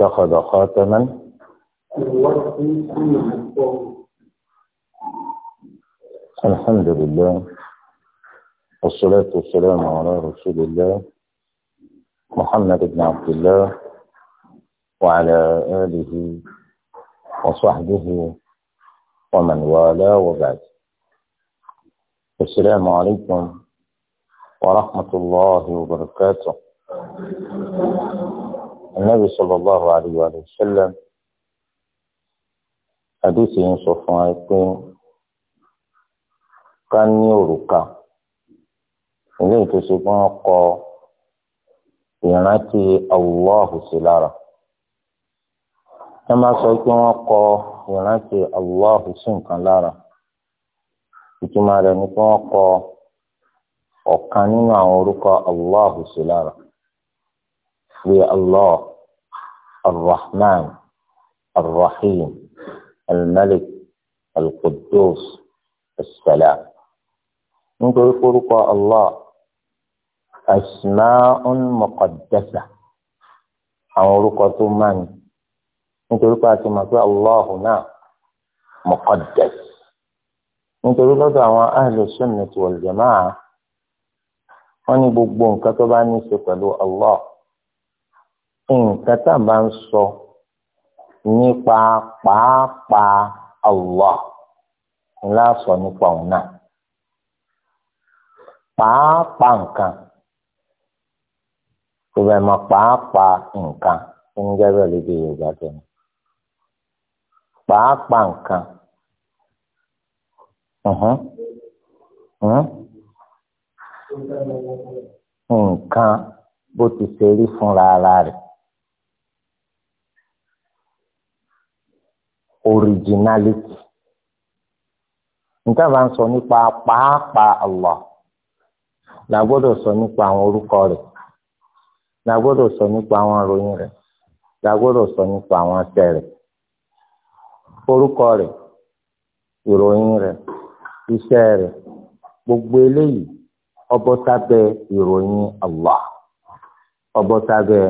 اتخذ خاتما الحمد لله والصلاة والسلام على رسول الله محمد بن عبد الله وعلى آله وصحبه ومن والاه وبعد السلام عليكم ورحمة الله وبركاته النبي صلى الله عليه وآله وسلم حديث ينصف يكون كان يوركا eléyìí tó ṣe pé wọn kọ ìrántí allahu sí lára ẹ máa sọ pé wọn kọ ìrántí allahu sí nǹkan lára ìtumọ̀ rẹ̀ ni pé wọn kọ ọ̀kan nínú àwọn orúkọ allahu sí lára. ويا الله الرحمن الرحيم الملك القدوس السلام نقول فرق الله أسماء مقدسة أو رقة من نقول فاتمة الله نعم مقدس nítorí lọ́dọ̀ أهل السنة والجماعة wal jama'a wọ́n ní gbogbo Allah nǹkan tá a bá ń sọ nípa pàápàá Allah ńlá sọ nípa òun náà pàápàá nǹkan tó bẹ́ẹ̀ mọ pàápàá nǹkan tó ń gẹ́gẹ́ lédè Yorùbá tẹ̀lé pàápàá nǹkan nǹkan bó ti ṣe rí fúnra ara rẹ̀. originality nǹkan bá nsọ sọ nípa pàápàá Allah la gbọ́dọ̀ sọ nípa àwọn orúkọ rẹ̀ la gbọ́dọ̀ sọ nípa àwọn ìròyìn rẹ̀ la gbọ́dọ̀ sọ nípa àwọn ẹsẹ̀ rẹ̀ orúkọ rẹ̀ ìròyìn rẹ̀ iṣẹ́ rẹ̀ gbogbo eléyìí ọbọ sábẹ́ ìròyìn Allah ọbọ sábẹ́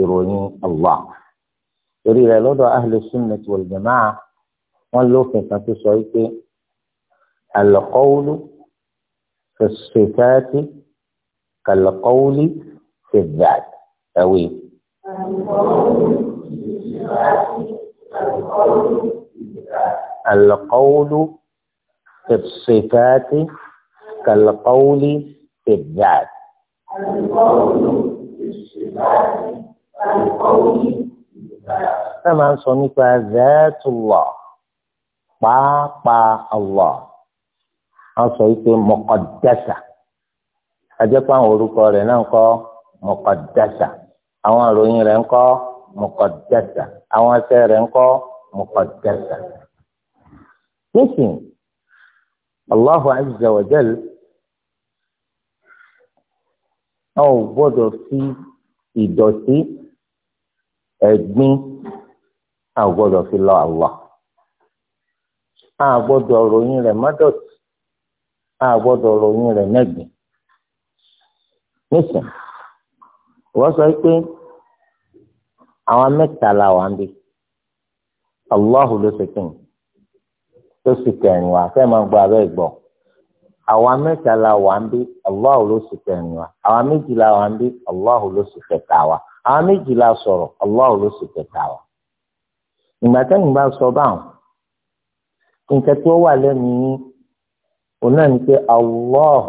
ìròyìn Allah. torí rẹ̀ lọ́dọ̀ ahlu sunnah wal jamaa'ah wọ́n lófin kan tó sọ wípé al-qawlu fi s-sifati kal-qawli fi dh-dhat ẹ̀wé. al-qawlu fi s alakọwulu kal-qawli fi dh-dhat. al-qawlu fi s-sifati kal-qawli fi dh-dhat. náà máa ń sọ nípa zaatullah pàápàá allah a sọ wípé mọ̀kọ́dẹ́sà ajẹ́pọ̀ àwọn orúkọ rẹ̀ náà ń kọ́ mọ̀kọ́dẹ́sà àwọn àròyìn rẹ̀ ń kọ́ mọ̀kọ́dẹ́sà àwọn ẹsẹ̀ rẹ̀ ń kọ́ mọ̀kọ́dẹ́sà. nísìnyí allahu azza wa ò gbọ́dọ̀ fi ìdọ̀tí. ẹ̀gbin a ò fi lọ Allah a ròyìn rẹ̀ mọ́dọ̀tì a ròyìn rẹ̀ mẹ́gbin nísìn wọ́n sọ pé àwọn mẹ́ta la wà ń bí ló ṣe kí tó sì kẹrin wa fẹ́ máa gbọ́ abẹ́ awa mẹ́ta la wà ń bí ló kẹrin wa méjì la àwọn méjì la sọ̀rọ̀ Allah ló sì kẹta wa ìgbà tẹ́yìn bá sọ báwọn nǹkan wà lẹ́nu yín òun náà ni pé Allah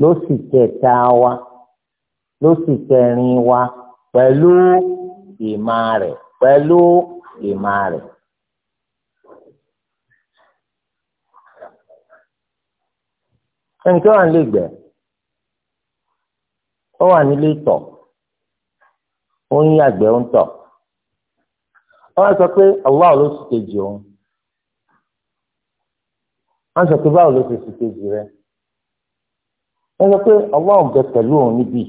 ló sì wa ló sì kẹrin wa pẹ̀lú ìmọ̀ rẹ̀ pẹ̀lú ìmọ̀ rẹ̀. ó wà nílé ìtọ̀ ó ń yàgbẹ́ ń tọ̀ ó wá sọ pé Allah ló sì kejì òun wọ́n sọ pé báwo ló ti sì kejì rẹ̀ wọ́n sọ pé Allah ń bẹ pẹ̀lú òun níbí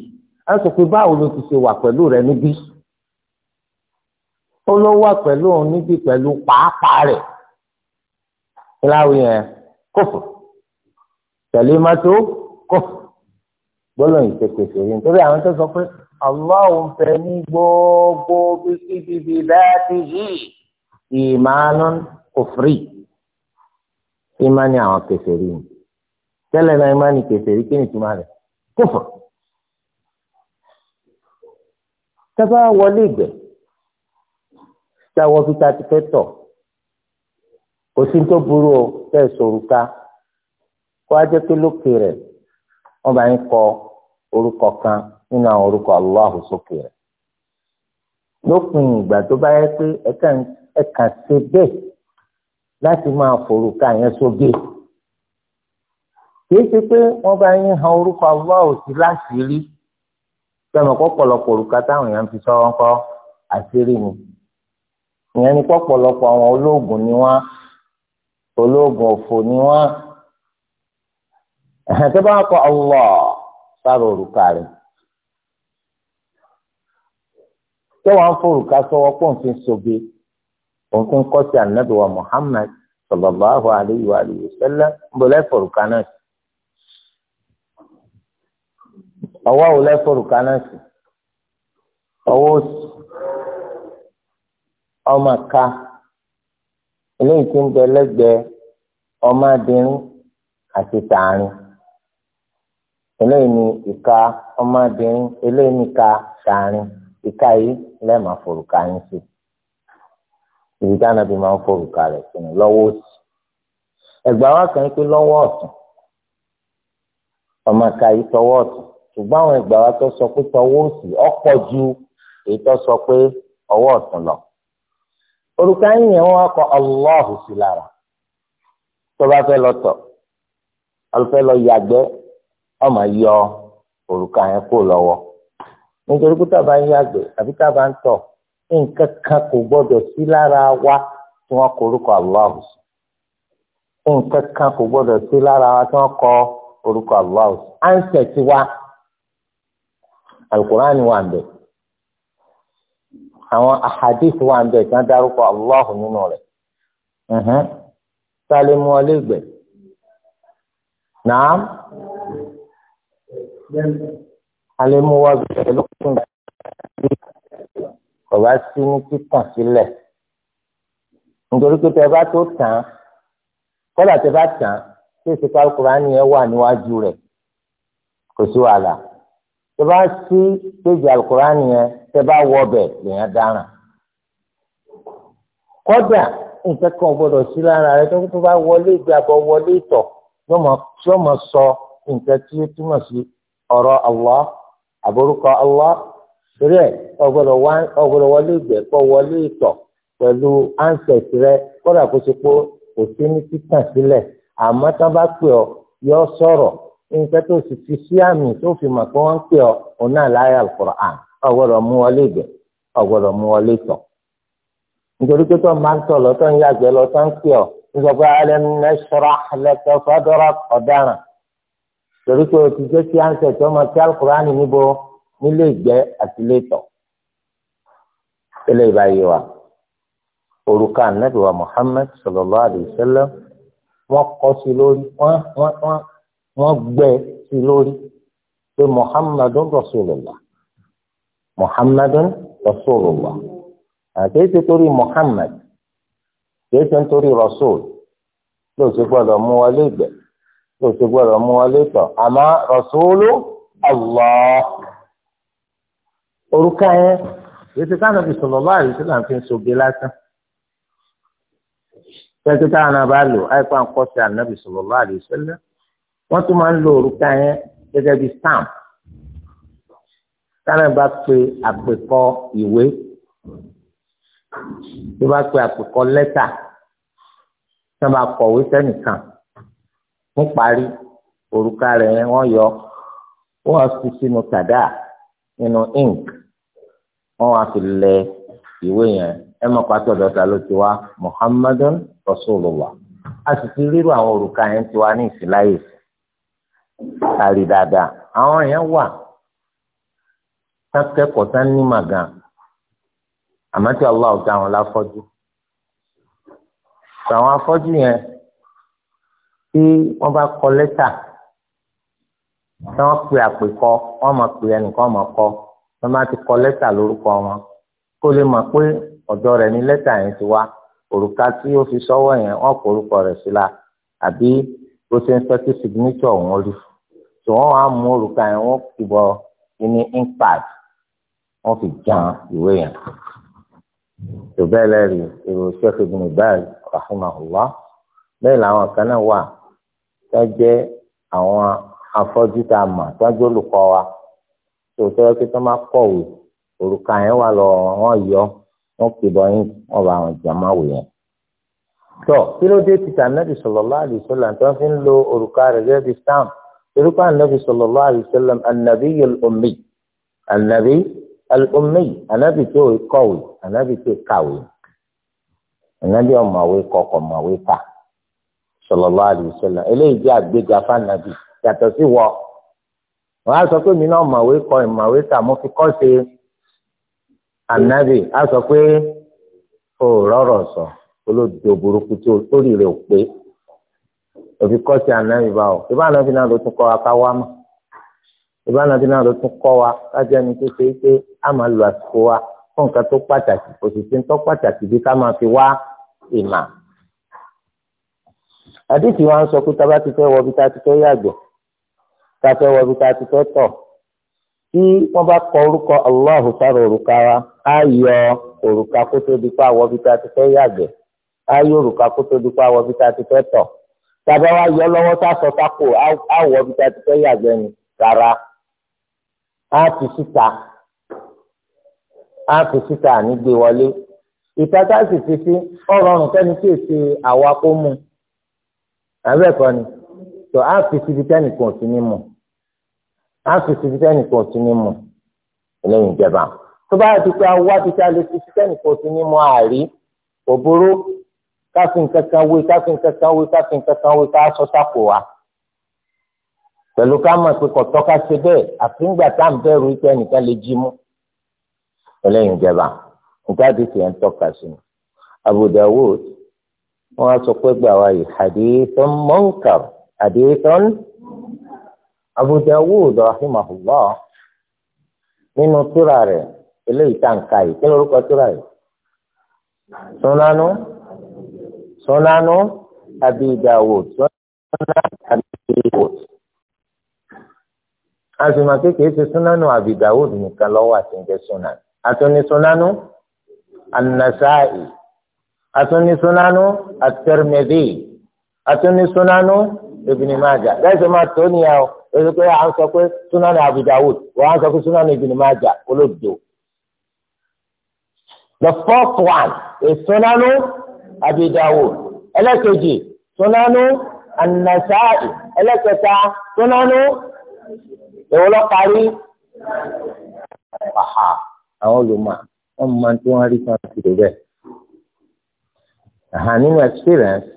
wọ́n sọ pé báwo ló ti ṣe wà pẹ̀lú rẹ̀ níbí ó ló wà pẹ̀lú òun níbí pẹ̀lú pàápàá rẹ̀ láwùjọ yẹn kófò tẹ̀lé mọ́tò kófò gbọ́dọ̀ yìí pépè sórí nítorí àwọn tó sọ pé ọlọ́run fẹ́ ní gbogbo bíbí bẹ́ẹ̀ ti yí ìmánú kò firi ìmánì àwọn kèfèrí ni tẹ́lẹ̀ náà ìmánì kèfèrí kí ni túmọ̀ rẹ̀ kófò. tábà wọlé ìgbẹ́ táwọ́ fi ta ti fẹ́ tọ̀ kò sí tó burú o tẹ́ sòrùka kó a pé lókè rẹ̀ wọ́n bá ń kọ́ ọ. orúkọ kan nínú àwọn orúkọ Allahu sókè rẹ̀ lópin ìgbà tó bá yẹ pé ẹka ṣe bẹ́ẹ̀ láti máa forúkọ yẹn sókè kìí ṣe pé wọ́n bá yín han orúkọ Allahu sí láṣìírí sọmọ kó orúkọ táwọn èèyàn fi sọ wọn kọ àṣírí ni ìyẹn ni àwọn sára òrùka rẹ̀ tẹ́wọ̀n fòrùka sọ́wọ́ pọ̀ nfin sobe ònfin kọ́sí ànábì wa Muhammad sallallahu alayhi wa wa nbọ̀lẹ́ fòrùka náà sí ọwọ́ òlẹ́ fòrùka náà sí ọwọ́ òsì ọmọ ká eléyìí tí ń bẹ lẹ́gbẹ̀ẹ́ ọmọ eléyìí ni ìka ọmọdéyìn eléyìí ni ìka sàárín ìka yìí lẹ́ẹ̀ma forùka yín sí ibi dáná bí máa ń forùka rẹ̀ sínú lọ́wọ́ òsì ẹ̀gbà wa kàn pé lọ́wọ́ ọ̀tún ọmọ ìka yìí tọwọ́ ọ̀tún ṣùgbọ́n àwọn ẹ̀gbà wa tó sọ pé tọwọ́ òsì ọ̀pọ̀ ju èyí tó sọ pé ọwọ́ ọ̀tún lọ orúkọ yín yẹn wọn kọ ọlọ́ọ̀hùn sí lára tó bá fẹ́ lọ tọ̀ ọ ọmọ yọ òrùka yẹn kó lọ́wọ́ nítorí pé tá a bá ń yàgbẹ́ àbí tá ń kan kò lára wa tí wọ́n kọ orúkọ Allah sí nǹkan kan kò lára wa tí wọ́n kọ orúkọ Allah sí ánsẹ̀ ti wa wà àwọn ahadith wà Allah nínú rẹ sálẹ̀ alẹ́ mú wá bẹ̀rẹ̀ lókun kò bá sí ní títàn sílẹ̀ nítorí pé tẹ bá tó tàn án kọ́dà tẹ bá tàn án tí èsì kálukùránì ẹ wà níwájú rẹ̀ kò sí wàhálà tẹ bá sí péjì alukùránì yẹn tẹ bá wọ ọbẹ̀ lèèyàn dáràn kọ́dà nǹkan kan gbọ́dọ̀ sí lára rẹ̀ tó bá wọlé ìgbàgbọ́ wọlé ìtọ̀ yóò mọ sọ nǹkan tí ó túmọ̀ sí ọ̀rọ̀ Allah àbórúkọ Allah torí ẹ̀ wọlé ìgbẹ́ pọ̀ wọlé ìtọ̀ pẹ̀lú ansẹ̀t rẹ kódà kó ṣe pé kò sí ní títàn sílẹ̀ àmọ́ bá pè ọ́ yọ sọ̀rọ̀ nǹkan tó sì fi sí àmì tó fi mọ̀ pé wọ́n pè ọ́ òun náà láyé al torí pé o ti jẹ́ kí ánsẹ̀ tí wọ́n máa kí alukurani níbo nílé ìgbẹ́ àti ilé ìtọ̀ eléyìí báyìí wa òrùka anabi wa Muhammad sallallahu alayhi wa sallam wọ́n kọ́ sí lórí wọ́n wọ́n wọ́n wọ́n gbẹ́ sí lórí pé Muhammadun rasulullah Muhammadun rasulullah àti ètò torí Muhammad kì í rasul lóòótọ́ gbọ́dọ̀ mú wọlé ìgbẹ́ kò sì gbọdọ̀ mú wọn létọ̀ àmọ́ rọ̀ṣúlù Allah orúkọ yẹn ètò táwọn fi sọ̀rọ̀ bá àyè tí là ń fi ṣògbé lásán tẹ́tí táwọn náà bá lò àìpá nǹkan ti ànábì sọ̀rọ̀ bá àyè sẹ́lẹ̀ wọ́n tún máa ń lo orúkọ yẹn gẹ́gẹ́ bí stamp táwọn bá pe àpèkọ ìwé tó bá pe àpèkọ lẹ́tà tó bá kọ̀wé sẹ́nìkan. níparí òrùka rẹ̀ yẹn wọ́n yọ wọ́n fi sínú tàdá nínú ink wọ́n wá fi lẹ ìwé yẹn ẹ mọ̀ pàtó muhammadun rasulullah a sì ti rírò àwọn òrùka yẹn ti wá ní ìsìláyè kárí dáadáa àwọn yẹn wà sákẹ́kọ̀ọ́ ní màgàn àmọ́ tí tí wọ́n bá kọ lẹ́tà tí wọ́n pe àpèkọ wọ́n máa pe ẹnìkan máa kọ wọ́n máa ti kọ lẹ́tà lórúkọ wọn kó lè mọ̀ pé ọ̀dọ̀ rẹ̀ ní lẹ́tà yẹn ti wá òrùka tí ó fi sọ́wọ́ yẹn wọ́n kọ orúkọ rẹ̀ sí la àbí bó ṣe ń fẹ́ signature òun rí tí wọ́n wá mú òrùka yẹn wọ́n kì bọ ní inkpad wọ́n fi jan ìwé yẹn tó bẹ́ẹ̀ lẹ́rìí èrò Sheikh Ibn Baz rahimahullah bẹ́ẹ̀ làwọn kan náà wà tó jẹ́ àwọn afọ́jú tá a mọ̀ tó jẹ́ olùkọ́ wa tó tọ́jú pé tó má kọ̀wé òrùka yẹn wà lọ wọn yọ wọn kì bọ yín wọn bá àwọn jàmá wò yẹn. tọ́ kí ló dé ti sànẹ́bì sallallahu alaihi wasallam tó fi ń lo òrùka rẹ̀ gẹ́gẹ́ bí stamp orúkọ ànẹ́bì sallallahu alaihi wasallam ànàbí al-ummi ànàbí al-ummi ànàbì tó kọ̀wé ànàbì tó kàwé ànàbì ọ̀mọ̀wé kọ̀ọ̀kọ̀ mọ̀wé kà. sọlọlọ alaihi wasallam eléyìí jẹ́ àgbéga fànàbì yàtọ̀ sí wọ wọn á sọ pé mi náà mọ̀wé kọ ìmọ̀wé tà fi kọ́ ṣe ànábì á sọ pé o rọrọ sọ burúkú o rẹ ò pé kọ́ ṣe ànábì o ìbá náà ló tún kọ́ wa ká wá mọ́ náà ló tún kọ́ wa kájá ni tó ṣe é pé a máa lo àsìkò wa fún nǹkan tó pàtàkì òṣìṣẹ́ tó pàtàkì bí ká máa fi wá àdìsí wa ń sọ pé tábà ti fẹ́ wọ ibi tá a ti fẹ́ yàgbẹ́ tá fẹ́ wọ ibi tá ti fẹ́ tọ̀ tí wọ́n bá kọ orúkọ Allahu sára òrùka wa á yọ òrùka kó tó di pa wọ ibi tá a ti fẹ́ yàgbẹ́ á yọ òrùka kó tó di pa wọ ibi tá ti fẹ́ tọ̀ tàbá wa yọ lọ́wọ́ sásọ sáko á wọ ibi tá ti fẹ́ yàgbẹ́ ni rárá á ti síta á ti síta nígbè wọlé ìtajà sì ti sí ọ̀rọ̀ ọ̀rùn kẹ́ni tí èsì àwa kó mú un àbẹ ẹkọ ni tó a fi síbi tẹnì kan sí ni mu a fi síbi tẹnì kan sí ní mu lẹ́yìn ìjẹba tó bá yẹ kíkọ awá títí alẹ fi síbi tẹnì kan sí ní mu àárí òbúrú káfíń kankan wé káfíń kankan wé káfíń kankan wé ká sọ sápò wa pẹ̀lú ká mọ̀ pé kọ̀tọ́ ká ṣe bẹ́ẹ̀ àfíngbà tá à ń bẹ̀rù ìtẹ́ nìkan lè jí mú ẹlẹ́yìn ìjẹba nǹkan àti tiẹ̀ ń tọ́ka sí i Abu Dawud wọ́n á sọ pé gbà wáyé hadithun munkar hadithun Abu Dawud rahimahullah nínú tírà rẹ̀ eléyìí tá n yìí kí lórúkọ tírà yìí sunanu sunanu Abi Dawud sunanu Abi Dawud asùnmọ̀ kékeré ṣe sunanu Abi Dawud nìkan lọ́wọ́ àti ń jẹ́ sunan àtúnisúnánú An-Nasa'i atúni sunanu at-Tirmidhi atúni sunanu Ibn Majah lẹ́sẹ̀ máa tó níyàwó lọ́sọ̀ pé à ń sọ pé sunanu Abu Dawud wọ́n á sọ pé sunanu Ibn Majah olódò. the fourth one is sunanu Abu Dawud ẹlẹ́kejì sunanu An-Nasa'i ẹlẹ́kẹta sunanu ìwọlọ́ parí àwọn olùmọ̀ wọn máa ń tí wọ́n rí kan ti dè bẹ́ẹ̀ àhàn nínú experience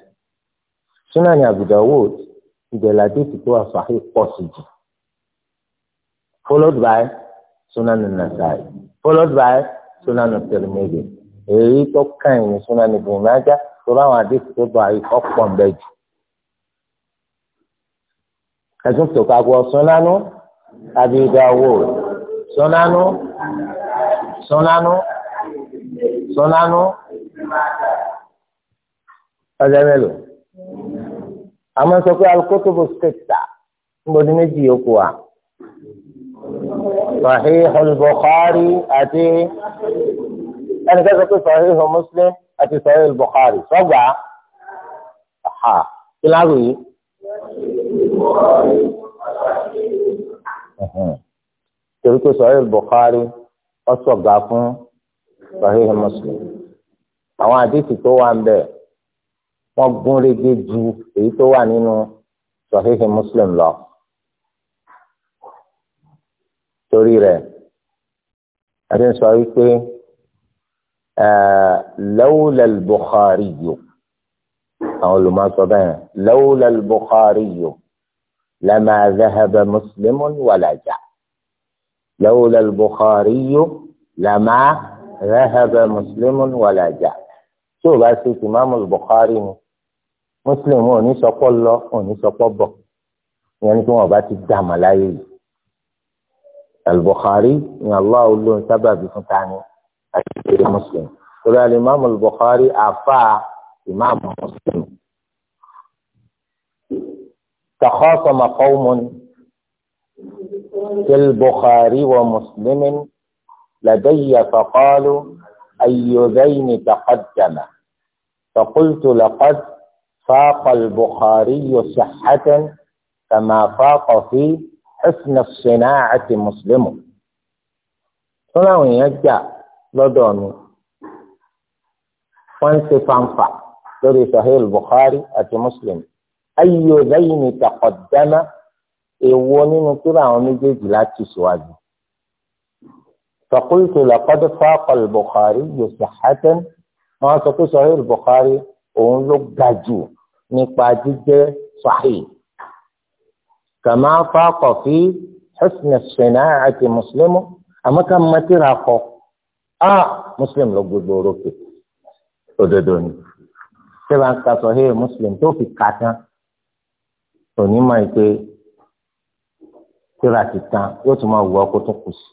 sunan ní Abu Dawud ìdẹ̀lẹ̀ àdéhùn tó wà sàhí pọ̀ sí jù followed by sunan ní Nasa'i followed by sunan ní Tirmidhi èyí tó kàn ní sunan ní Ibn Majah tó láwọn àdéhùn tó bá ọ̀pọ̀ ń bẹ jù ẹtún tó ká gbọ́ sunanu àbí ìdáwó sunanu sunanu sunanu ọjọ́ mélòó àmọ́ sọ pé alukotobo sèta nbọdún méjì yòókù wa Sahihul Bukhari àti ẹnìkan sọ pé Sahihul Muslim àti Sahihul Bukhari sọgbà ha kíláàrú yìí. torí pé Sahihul Bukhari ọ̀sọ̀gà fún Sahihul Muslim àwọn àdìsí tó wà ń bẹ̀rẹ̀ wọ́n gún régé ju èyí tó wà nínú Sahihi Muslim lọ. torí rẹ̀ ẹni sọ wípé lawla al-Bukhari yò àwọn olùmọ̀sọ bẹ́ẹ̀ lawla al-Bukhari yò lama dhahaba Muslimun wala ja lawla al-Bukhari yò lama dhahaba Muslimun wala tí o bá ṣe tìmọ́mù Bukhari ni muslim wọn ò ní sọpọ lọ wọn ò ní sọpọ bọ ìyẹn ni kí wọn bá ti dá àmàláyé yìí al-Bukhari ni allah olóhùn sábàbí fún tani àti ìṣẹ̀lẹ̀ muslim torí alimami al-Bukhari afa imaamu muslim takhasama qawmun fil wa muslimin ladayya faqalu ayyudhayni taqaddama faqultu laqad. فاق البخاري صحة كما فاق في حسن الصناعة مسلم صلى يجع لدوني وانسي فانفع تري صحيح البخاري أتي مسلم أي ذين تقدم إيوني نكرا ونجد لا تسواجه فقلت لقد فاق البخاري صحة ما تقول صحيح البخاري òun ló ga jù nípa jíjẹ́ sahih kàmá fákọ fi husn as-sina'ati muslimu àmọ́ ká mọtìrà kọ á muslim ló gbogbo orókè òdodo ni sẹba ń ka sahih muslim tó fi kà tán òní máa ń pè tíra ti tán yóò tún máa wù ọkọ tó kù sí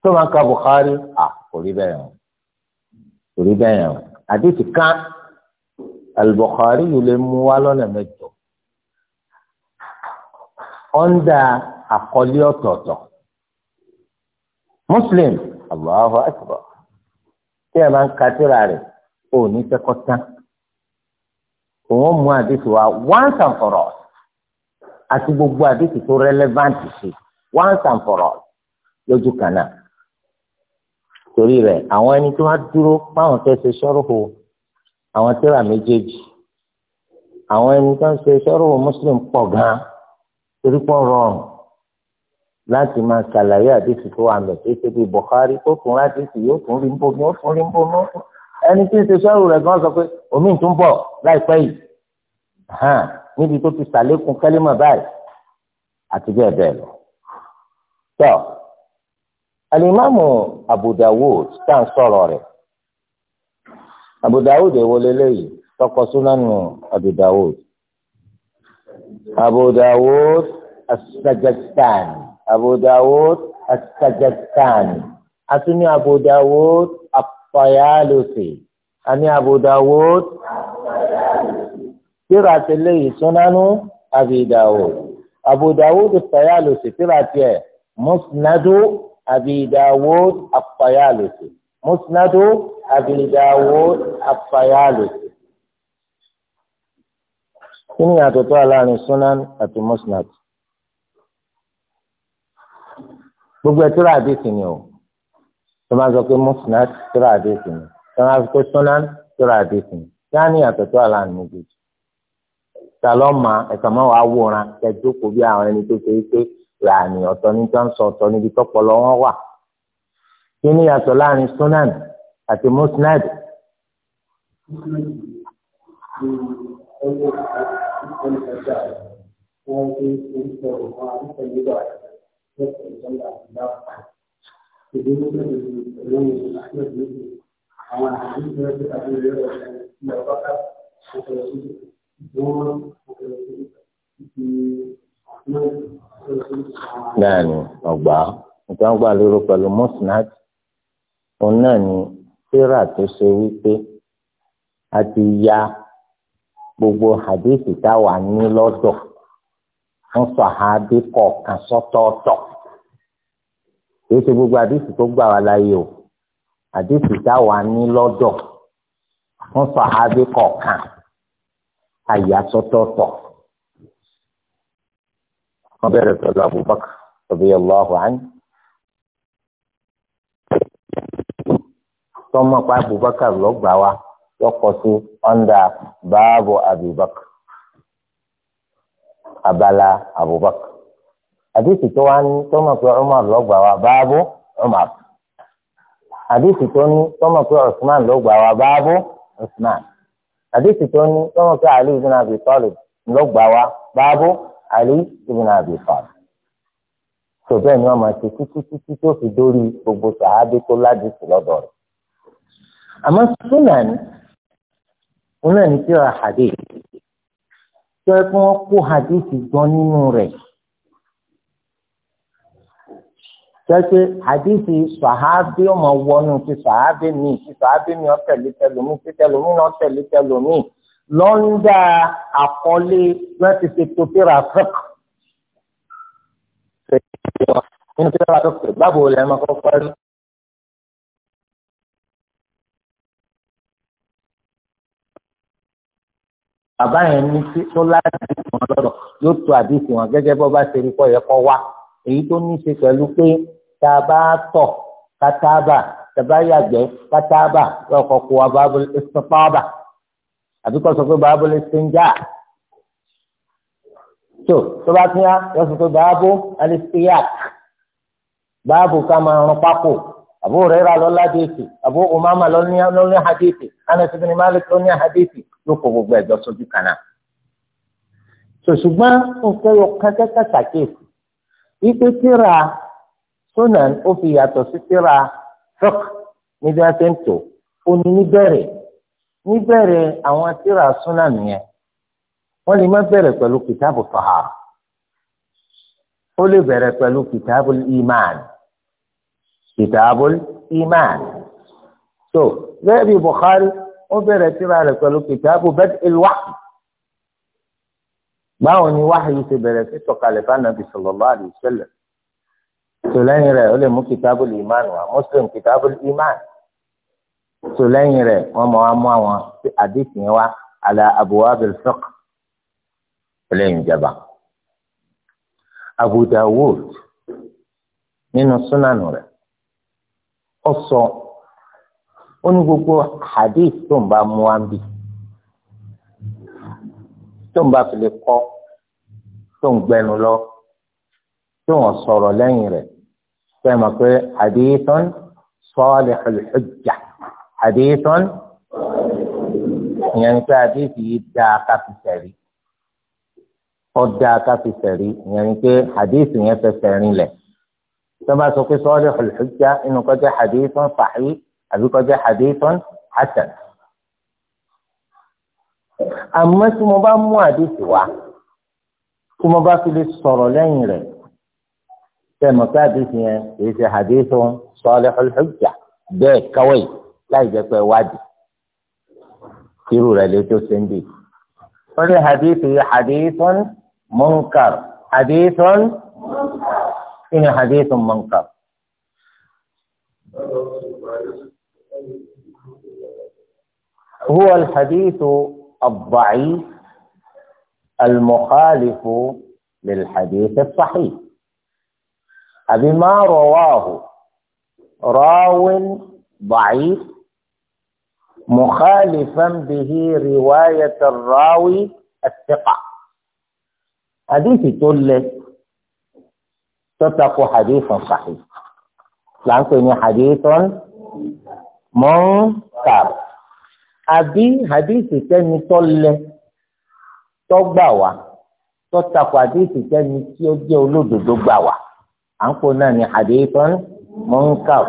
tó máa ń ka bukhari à kò rí bẹ́ẹ̀ yẹn kò rí bẹ́ẹ̀ yẹn àdìsí kan. Al-Bukhari yìí lè mú wá lọ́nà mẹ́jọ ọ́ndà àkọlé ọ̀tọ̀ọ̀tọ̀ Muslim Allahu Akbar tí ẹ máa ń ka tírà rẹ̀ ò ní kẹ́kọ̀ọ́ tán òun mú àdìsí wa once and for all àti gbogbo àdìsí tó relevant sí once and for all lójú kan náà torí rẹ̀ àwọn ẹni tó wá dúró báwọn fẹ́ ṣe sọ́rọ̀ o àwọn tíra méjèèjì àwọn ẹni tó ń ṣe sọ́rọ̀ muslim pọ̀ gan-an torí pọ̀ rọrùn láti máa ṣàlàyé àdìsí tó wà mẹ́ kéṣe bíi Bukhari tó tún láàdìsí yóò tún rí nbó yóò tún rí nbó náà ẹni tí ń ṣe sọ́rọ̀ rẹ̀ gan sọ pé omi tún bọ̀ láìpẹ́ yìí níbi tó ti ṣàlékún kẹ́lẹ́mọ̀ báyìí àti bẹ́ẹ̀ bẹ́ẹ̀ lọ. tọ́ alimami Abu Dawud tá ń sọ̀rọ̀ rẹ̀ Abu Dawud wọlé lẹ́yìn tọkọ súnánù Abu Dawud Abu Dawud as-Sajistani Abu Dawud as-Sajistani atúní Abu Dawud at-Tayalusi àní Abu Dawud tíra ti lẹ́yìn súnánù Abu Dawud at-Tayalusi tíra tiẹ̀ Musnadu Abi Dawud at-Tayalusi musnadu abidawo afayalo kí ni àtúntò aláàrin sunan àti musnad gbogbo ẹtúrọ àdìsí ni o tó sọ pé musnad túrọ àdìsí ni tó máa sọ pé sunan túrọ àdìsí ni yá ni àtúntò aláàrin méjèèjì sàlọ́mà ẹ̀ka máa wà wòran kẹjókòó bí àwọn ẹni tó ṣe é pé ràní ọ̀tọ̀ ní tó ń sọ ọ̀tọ̀ níbi tọ́pọ̀ lọ́wọ́ wà. Kini ni yàtọ̀ láàrin sunan àti musnad. Bẹ́ẹ̀ni ọgbà nǹkan gbà lérò pẹ̀lú musnad òun náà ni tírà tó ṣe wípé a ti ya gbogbo hadithi táwa ní lọ́dọ̀ fún sàhábí kọ̀ọ̀kan sọ́tọ̀ọ̀tọ̀ kì í ṣe gbogbo hadithi tó gbà wá láyé o hadithi táwa ní lọ́dọ̀ fún sàhábí kọ̀ọ̀kan àyà sọ́tọ̀ọ̀tọ̀. wọ́n bẹ̀rẹ̀ pẹ̀lú Abubakar radiyallahu anhu. tọmọ pa Abubakar lọgbàá wa yọkọ sí ọńdà báàbò Abubakar abala Abubakar àdìsí tó wá ní tọmọ pé Umar lọgbàá wa báàbò Umar àdìsí tó ní tọmọ pé Usman lọgbàá wa báàbò Usman àdìsí tó ní tọmọ pé Ali ibn Abi Talib lọgbàá wa báàbò Ali ibn Abi Talib tó ni wọ́n máa ṣe títí títí tó fi dórí gbogbo sàhábí tó ládìsí lọ́dọ̀ rẹ̀ àmọ́ sunan, ni òun náà ní tí ra hadith tí wọ́n kó wọ́n kó hadith gbọ́n nínú rẹ̀ tẹ́sí hadith sàhábí ọmọ wọnú ti sàhábí mi ti sàhábí mi ọ̀tẹ̀lé tẹlómi ti tẹlómi náà tẹ̀lé tẹlómi lọ́ńdà àkọlé láti ṣe tó fẹ́k báwo lẹ́nu kọ́kọ́ rí. bàbá yẹn ní tó láti wọn lọ́dọ̀ yóò tó àdéhùn wọn gẹ́gẹ́ bọ́ bá ṣe rí kọ́ yẹ kọ́ wá èyí tó ní í ṣe pẹ̀lú pé tá a bá tọ̀ kátábà tá a bá yàgbẹ́ kátábà lọ́kọ̀ kó wa bábúlé ìsọpáàbà àbí kọ́ sọ pé bábúlé ṣẹ́ńjà tó tó bá tún yá lọ́sọ̀ pé bábú alẹ́ síyàk bábù ká máa rún pákó. Abu Hurairah ló ládìsì Abu Umama ló ní hadìsì Anas ibn Malik ló ní hadìsì ló kó gbogbo ẹ̀jọ́ sójú kan náà. ṣùṣùgbọ́n nǹkan yọ kẹ́kẹ́kẹ́ ṣàkíyèsí wípé tíra sunan ó fi yàtọ̀ sí tíra fúk níbi ẹsẹ̀ ń tò ó ní níbẹ̀rẹ̀ níbẹ̀rẹ̀ àwọn tíra sunan yẹn wọ́n lè má bẹ̀rẹ̀ pẹ̀lú kìtàbù fàhà ó lè bẹ̀rẹ̀ pẹ̀lú kìtàbù imáàni. kìtàbù ìmán so bẹ́ẹ̀ bí Bukhari ó bẹ̀rẹ̀ tírà rẹ̀ pẹ̀lú kìtàbù bad'il wahyi báwo ni wahyi ṣe bẹ̀rẹ̀ sí sọ̀kalẹ̀ bá nàbì sallallahu alaihi wasallam sọlẹ́yìn rẹ̀ ó lè mú kìtàbù ìmán wá Muslim kìtàbù ìmán sọlẹ́yìn rẹ̀ wọ́n mọ̀ wá mú àwọn àdìsí wa ala abwabil fiqh lẹ́yìn ìjọba. Abu Dawud nínú súnánù rẹ̀ ọ sọ ó ní gbogbo hadith tó ń bá mú wá ń bì tó ń bá fi lè kọ́ tó ń gbẹnu lọ tó ń sọ̀rọ̀ lẹ́yìn rẹ̀ fẹ́ mọ̀ pé hadithun salihul hujjah hadithun ìyẹn pé hadith yìí dáa ká fi tẹ̀lé ó dáa ká fi tẹ̀lé ìyẹn pé hadith yẹn fẹsẹ̀ rinlẹ̀. كما في صالح الحجة إنه قد حديث صحيح أبي قد حديث حسن أما سمى بموادي سوى سمى باكل الصرلين لي كما إذا حديث صالح الحجة ده كوي لا يجب وادي كيرو رأيته سندي فالحديث حديث منكر حديث shine hadithun munkar هو الحديث الضعيف المخالف للحديث الصحيح بما رواه راو ضعيف مخالفا به رواية الراوي الثقة حديث تلت tọ́takò hadithun sahih là ń pè ní hadithun munkar àbí hadithi tẹ́ni tọ́ lẹ tọ́gbà wá tọ́takò hadithi tẹ́ni tí ó jẹ́ olódodo gbà wá à ń pò náà ní hadithun munkar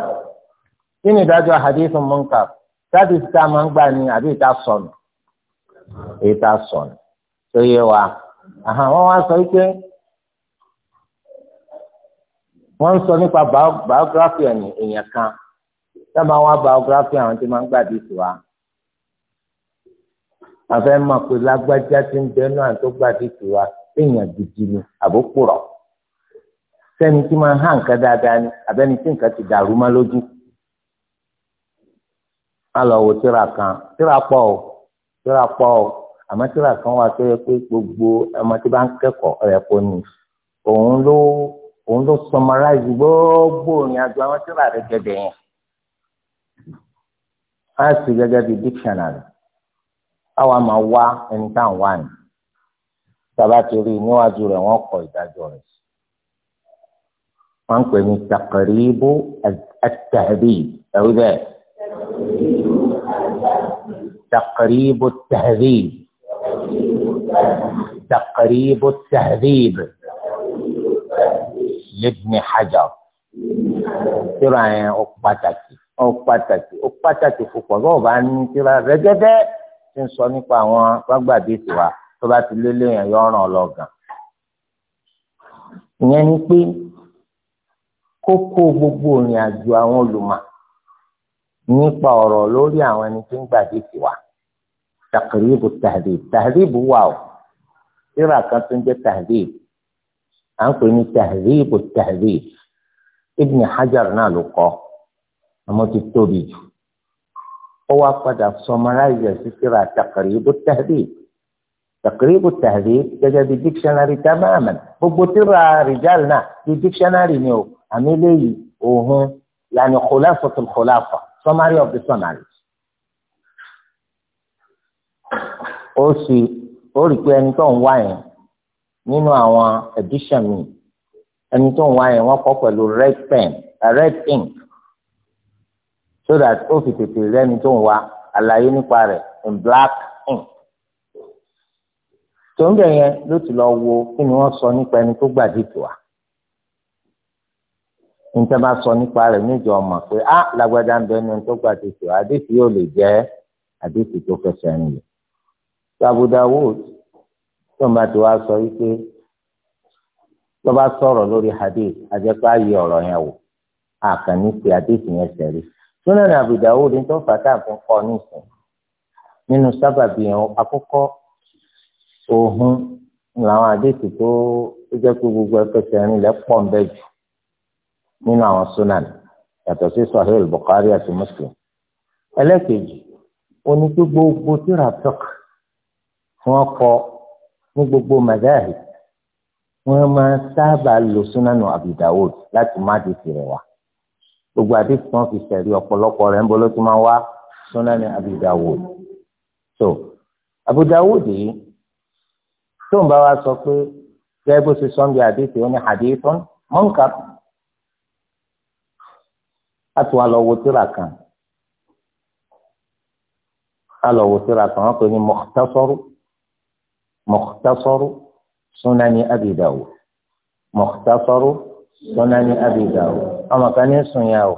kí ni ìdájọ́ hadithun munkar sáàdì tí a máa ń gbà ní àbí ìta sọnù ìta sọnù tó yẹ wa àwọn wá sọ wípé wọ́n ń sọ nípa biography ẹni èèyàn kan sábà wọn biography àwọn tí máa gbàdí sí wa àfẹ́ mọ̀ pé lágbájá ti ń bẹ́ẹ̀ náà tó gbàdí sí wa èèyàn gidi ni àbókùrọ̀ sẹ́ni tí máa ń há nǹkan dáadáa ni àbẹ́ni tí nǹkan ti dàrú má lójú a lọ wo tíra kan tíra pọ̀ o tíra pọ̀ o àmọ́ tíra kan wà tó yẹ pé gbogbo ọmọ tí bá ń kẹ́kọ̀ọ́ ẹ̀kọ́ ni òun ló òun ló summarize gbogbo òrìn àjò àwọn tí ó rẹ gẹ̀dẹ̀ yẹn á sì gẹ́gẹ́ bíi dictionary àwa máa wá ẹni tá à ń wá ni bàbá ti rí i níwájú rẹ̀ wọ́n kọ ìdájọ́ rẹ̀ wọ́n ń pè ní takaribu at-tahdhib ẹ̀rú takaribu at takaribu at lẹ́gbìn hajar tíra yẹn ó pàtàkì ó pàtàkì ó pàtàkì púpọ̀ bọ́ọ̀ bá ní tíra rẹ́gẹ́dẹ́ tí ń sọ nípa àwọn gbàgbàdé tiwa tó bá ti lélẹ̀ yẹn yọ ọ̀ràn ọlọ́gàn. ìyẹn ni pé kókó gbogbo ìrìn àjò àwọn olùmọ̀ nípa ọ̀rọ̀ lórí àwọn ẹni tí ń gbàdé tiwa takribu tahdib tahdib wà o tíra kan tó ń jẹ́ tahdib à ń pè ní tahzibu tahzib Ibn Hajar náà ló kọ àmọ́ ti tóbi jù ó wá padà sọmaráìzì sísèrè Taqribu Tahdhib Taqribu Tahdhib gẹ́gẹ́ bí dictionary tamaman gbogbo tíra rìjàl náà bí dictionary ni o àmì léyìí òhun yàní khulafatul khulafa summary of the summary. ó sì ó rí pé ẹni tó ń wá yẹn nínú àwọn edition mi ẹni tó ń wá yẹn wọ́n kọ́ pẹ̀lú red pen uh, red ink so that ó fi tètè rẹ́ni tó ń wá àlàyé nípa rẹ̀ in black ink tó ń bẹ̀ yẹn ló ti lọ wo kí ni wọ́n sọ nípa ẹni tó gbàdìtò wa níta bá sọ nípa rẹ̀ níjọ ọmọ pé á ah, lágbádá ń bẹ ẹni tó gbàdìtò àdìsí yóò lè jẹ́ àdìsí tó fẹsẹ̀ rìn lọ. Abu Dawud tó ń bá ti wá sọ wípé tó bá sọ̀rọ̀ lórí hadith àjẹpẹ́ ayé ọ̀rọ̀ yẹn wò àkànní ti hadith yẹn sẹ̀rí sunan Abu Dawud ní tó fà tá à fún kọ́ ní ìsìn nínú sábàbí yẹn àkọ́kọ́ òhun làwọn hadith tó jẹ́ pé gbogbo ẹ̀fẹ̀sẹ̀ rìn lẹ́ ń bẹ̀ jù nínú àwọn sunan yàtọ̀ sí Sahih Bukhari àti Muslim ẹlẹ́kejì oní gbogbo tíra tọ́k tí wọ́n ní gbogbo mazahib wọ́n máa sábà lo sunanu Abi Dawud láti má di tirẹ̀ wá gbogbo àdìsí wọn fi sẹ̀rí ọ̀pọ̀lọpọ̀ rẹ̀ ń bọ́ ló ti máa wá sunanu Abi Dawud so Abu Dawud yìí tó ń bá wa sọ pé gẹ́gẹ́ bó ṣe sọ́ńbi àdìsí ó ní hadithun munkar láti wá lọ wo tíra kan á lọ wo tíra kan wọ́n pè ní mukhtasaru. مختصر سنن أبي داود مختصر سنن أبي داود أما كان يسون ياو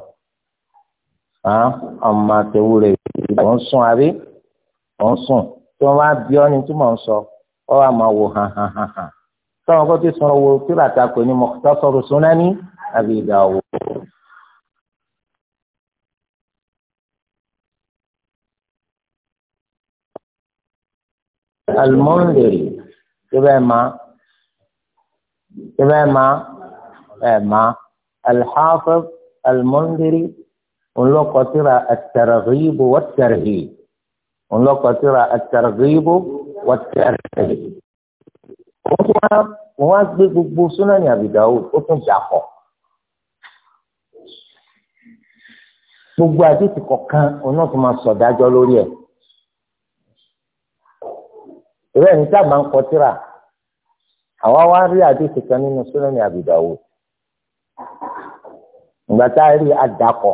ها أما تقول أنسون أبي أنسون ثم أبيون أنتم أنسون أو أما هو ها ها ها ها ثم قلت سنو تبعتك مختصر سنن أبي داود alimọ́ndèrè tó bẹ́ẹ̀ ma tó bẹ́ẹ̀ ma ẹ̀ ma alḥafiz alimọ́ndèrè ńlọkọtìrà àtàràgìbò wàtàràgì ńlọkọtìrà àtàràgìbò wàtàràgì. wọ́n wá gbé gbogbo súnáni àbìdáwò ó tún jà pọ̀. gbogbo àdìsí kọ̀ọ̀kan onáà tó máa sọ̀dájọ́ lórí ẹ̀. ìwé ẹni tá a máa ń kọ tírà àwa wá rí àdéhùn kan nínú Sunan adakọ ìgbà tá a rí àdàkọ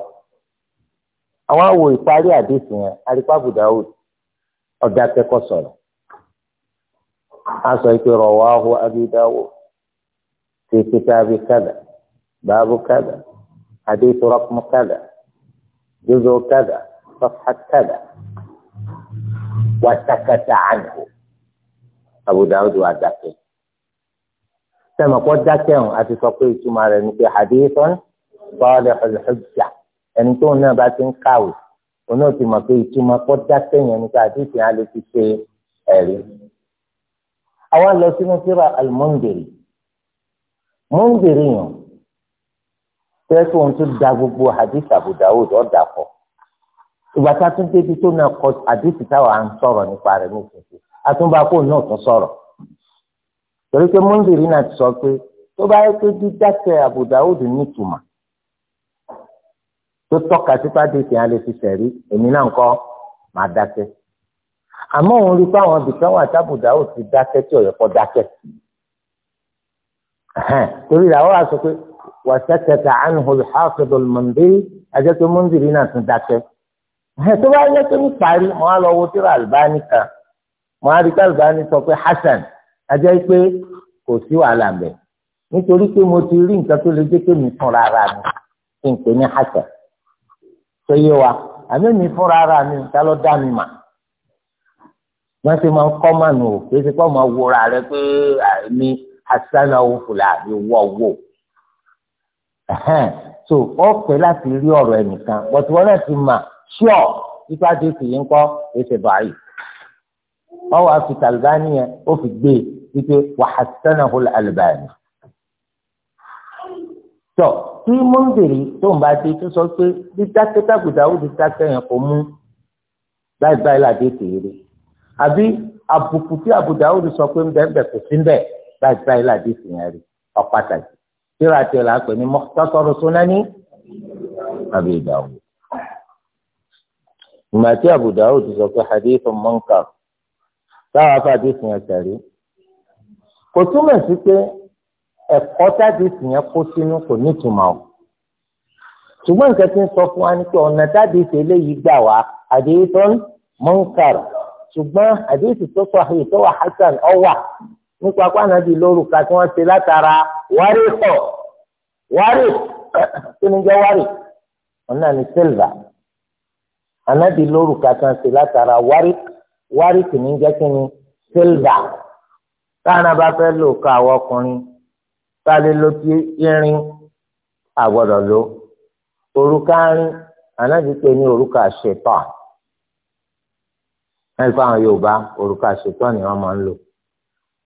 àwọn àwò ìparí àdéhùn yẹn àrípa Abi ọ̀dà akẹ́kọ̀ọ́ sọ̀rọ̀ a sọ pé rawahu kada babu kada àdéhùn raqm kada juz'u kada safha kada wa sakata Abu Dawud wà dákẹ́ sẹ́mi ọ̀pọ̀ dákẹ́ ọ̀hún àti sọ pé ìtumọ̀ rẹ̀ ni pé hadithun bọ́ọ̀lù ọ̀lùhùjà ẹni tóun náà bá ti ń kàwé òun náà ti mọ̀ pé ìtumọ̀ ọ̀pọ̀ dákẹ́ yẹn ni pé àdéhùn yẹn á lè fi ṣe ẹ̀rí. àwa lọ sínú síra al-Mundiri yàn tẹ́sí ohun tó da gbogbo hadith Abu Dawud ọ̀dà ìgbà tá a tún débi tó náà kọ àdéhùn táwa à ń sọ̀rọ̀ nípa rẹ̀ ní ìsinsìnyí àtúnbakó náà tún sọ̀rọ̀ torí pé múndìrí náà ti sọ pé tó bá yẹ pé dídákẹ́ Abu Dawud nítumà tó tọ́ka sípá dèkì á lè fi sẹ̀rí èmi náà kọ́ máa dákẹ́ àmọ́ òun rí i pé àwọn ibìkan wà tábù Dawud ti dákẹ́ tí ọ̀yọ́ kọ́ dákẹ́ torí ìyàwó wa sọ pé wàsẹ́kẹ̀tà anhu al-Hafiz al-Mundhiri ajẹ́ pé múndìrí náà tún dákẹ́ tó bá yẹ pé ní parí wọn á lọ wo tíra àlùbáníkà wọn á rí kálùbáni sọ pé hasan ajá pé kò sí wàhálà ń bẹ nítorí pé mo ti rí nǹkan tó lè jẹ́ pé mi fúnra ara mi kí n pè ní hasan tó yé wa àmì mi fúnra ara mi ta ló dá mi mà wọ́n ti máa ń kọ́ mànù o kì í ti kọ́ máa wúra rẹ pé àmì hasan awo fúlàní wọ́wọ́ so ọ pẹ́ láti rí ọ̀rọ̀ ẹnìkan bọ̀tí wọn náà ti mà ṣíọ̀ nípa ti fi yín kọ́ èsè báyìí ọwọ àfitì Albani yẹn ó fi gbé e wípé wàhásánàhó Albani. tọ tí mọ́ńdèrè tó ń bá dé tó sọ pé dídákẹ́ tàgùdà ó dídákẹ́ yẹn kò mú láì báyìí láti tèrè àbí àbùkù tí àbùdá ó sọ pé ń bẹ ń bẹ kò sí ń bẹ láì báyìí láti tèrè rí ọ̀pàtàkì tíra àti ọ̀là pè ní mọ́tọ́sọ́rọ̀ súnáni àbí ìdáwó. ìmọ̀ àti àbùdá ó sọ pé hadith munkar táwọn afáàdé fún ẹsẹ̀ rí kò túmọ̀ sí pé ẹ̀kọ́ táàdé sì yẹn kó sínú kò nítumọ̀ o ṣùgbọ́n nǹkan tí ń sọ fún wa ni pé ọ̀nà táàdé sì eléyìí gbà wá àdéhùn tó ń mọ́ńkàrà ṣùgbọ́n àdéhùn tó sọ àyè tó wà hasan ọ̀wà nípa pàànàbí lórúkà tí wọ́n ṣe látara wárí kọ̀ wárí kí ni jẹ́ wárí ọ̀nà ni silva ànábì lórúkà tí wọ́n ṣe látara wárí kọ̀ wárí kì ní jẹ́ kí ni sílvà táwọn bá fẹ́ lò ká àwọn ọkùnrin tálẹ́ ló ti irin àgbọ̀dọ̀ lò òrùka rin ànábi pé ní òrùka ṣetán láì fáwọn Yorùbá òrùka ṣetán ni wọ́n máa ń lò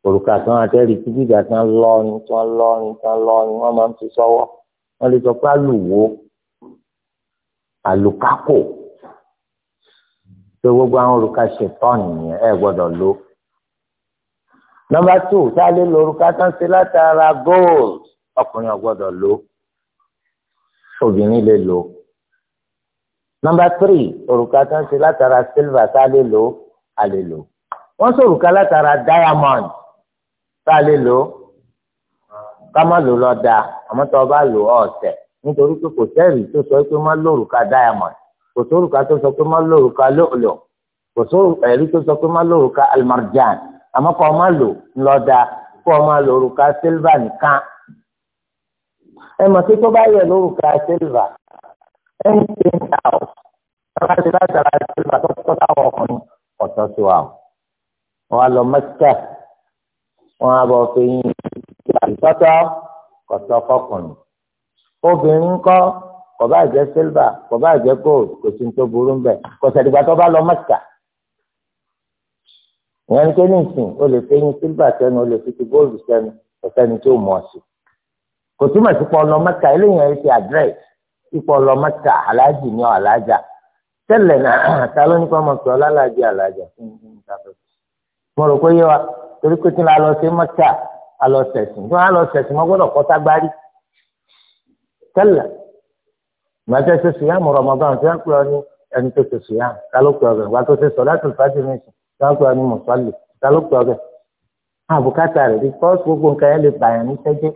òrùka tí wọ́n tí gíga tí wọ́n lọ ni tí wọ́n wọ́n máa ń fi sọ́wọ́ wọ́n lè sọ pé àlùwò àlùkákò pé gbogbo àwọn òrùka ṣetán nìyẹn ẹ gbọ́dọ̀ lò. nọ́mbà two tá a lè lo òrùka tán ṣe látara gold ọkùnrin ò gbọ́dọ̀ lò obìnrin lè lò. nọ́mbà three òrùka tán ṣe látara silver tá a lè lò a lè lò. wọ́n sọ òrùka látara diamond tá a lè lò ká má lò lọ da àmọ́ tó o bá lò ọ̀sẹ̀ nítorí pé kò sẹ́rìí tó sọ pé má lò òrùka diamond kò sórùka tó sọ pé má lórúka lóòlò kò sórùka ẹ̀rí tó sọ pé má lórúka almarjan àmọ́ kọ́ má lò ńlọ́dà kọ́ má lórúka sílvà nìkan ẹ mọ̀ pé tó bá yẹ lórúka sílvà ẹ ń ṣe ń ta ọ̀ ọ̀rọ̀ ti láti ara sílvà tó kọ́ táwọn ọkùnrin ọ̀tọ̀ sí wa ọ̀ wọ́n á lọ mẹ́tíkà wọ́n á bọ̀ fẹ́yìn ìgbà ìtọ́tọ́ kọ̀tọ́ fọkùnrin obìnrin kọ́ kò bá jẹ́ silver kò bá jẹ́ gold kò sí tó burú ń bẹ kò sẹ̀dìgbà tó bá lọ mẹ́ta ìyẹn ní kéde ìsìn o lè fẹ́yìn silver sẹ́nu o lè fi ti gold sẹ́nu ọ̀sẹ́ni tí ó mọ̀ sí kò túmọ̀ sí pọ̀ lọ mẹ́ta eléyìí ẹ̀ ti address ipò lọ mẹ́ta aláàjì ni ọ aláàjà tẹ́lẹ̀ náà ta ló ní kó máa sọ ọlálàájì aláàjà fún mi mo rò pé yé wa torí pé kí ni a lọ sí mẹ́ta a lọ sẹ̀sìn tí wọ́n á lọ sẹ̀sìn mo gbọ́dọ̀ kọ́ ságbárí ìgbàjẹ́ ṣe sùyàmù rọmọdán tí wọ́n pè ọ ní ẹni tó ṣe sùyàmù ta ló pè ọ bẹ̀ ìgbà tó ṣe sọ láti fàájì ní ìsìn tí wọ́n pè ọ ní mùsọ́lì ta ló pè ọ bẹ̀. àbùkátà rẹ̀ bí kọ́ọ̀sì gbogbo nǹkan yẹn lè bàyàn ní sẹ́jẹ́.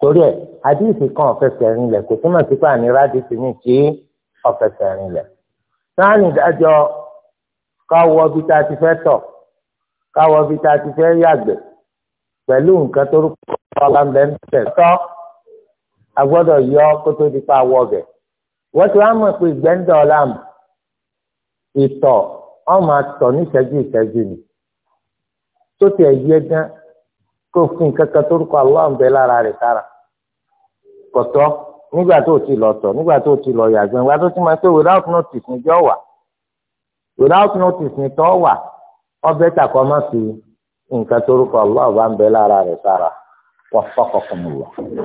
torí ẹ̀ àdìsí kan ọ̀fẹ́sẹ̀ rinlẹ̀ kò túmọ̀ sí pé àní rádìsí ní ti ọ̀fẹ́sẹ̀ rinlẹ̀. sáàni ìdájọ́ káwọ bí tá ti fẹ́ tọ̀ káwọ bí tá ti fẹ́ yàgbẹ́ pẹ̀lú nǹkan tó rúkọ a yọ kótó dị di pa wọ bẹ̀ wọ́n ti wá mọ̀ pé gbẹ́ńdọ̀ ọ̀làmù ìtọ̀ ọmọ àtọ̀ ní ìṣẹ́jú ìṣẹ́jú ni tó tiẹ̀ yẹ gan kó fún kankan tó rúkọ aláwọ̀ bẹ lára rẹ̀ sára kọ̀tọ́ nígbà tọ̀ nígbà tó ti lọ tó ti máa without notice ni wà without notice ni wà má fi nǹkan tó rúkọ bá ń bẹ lára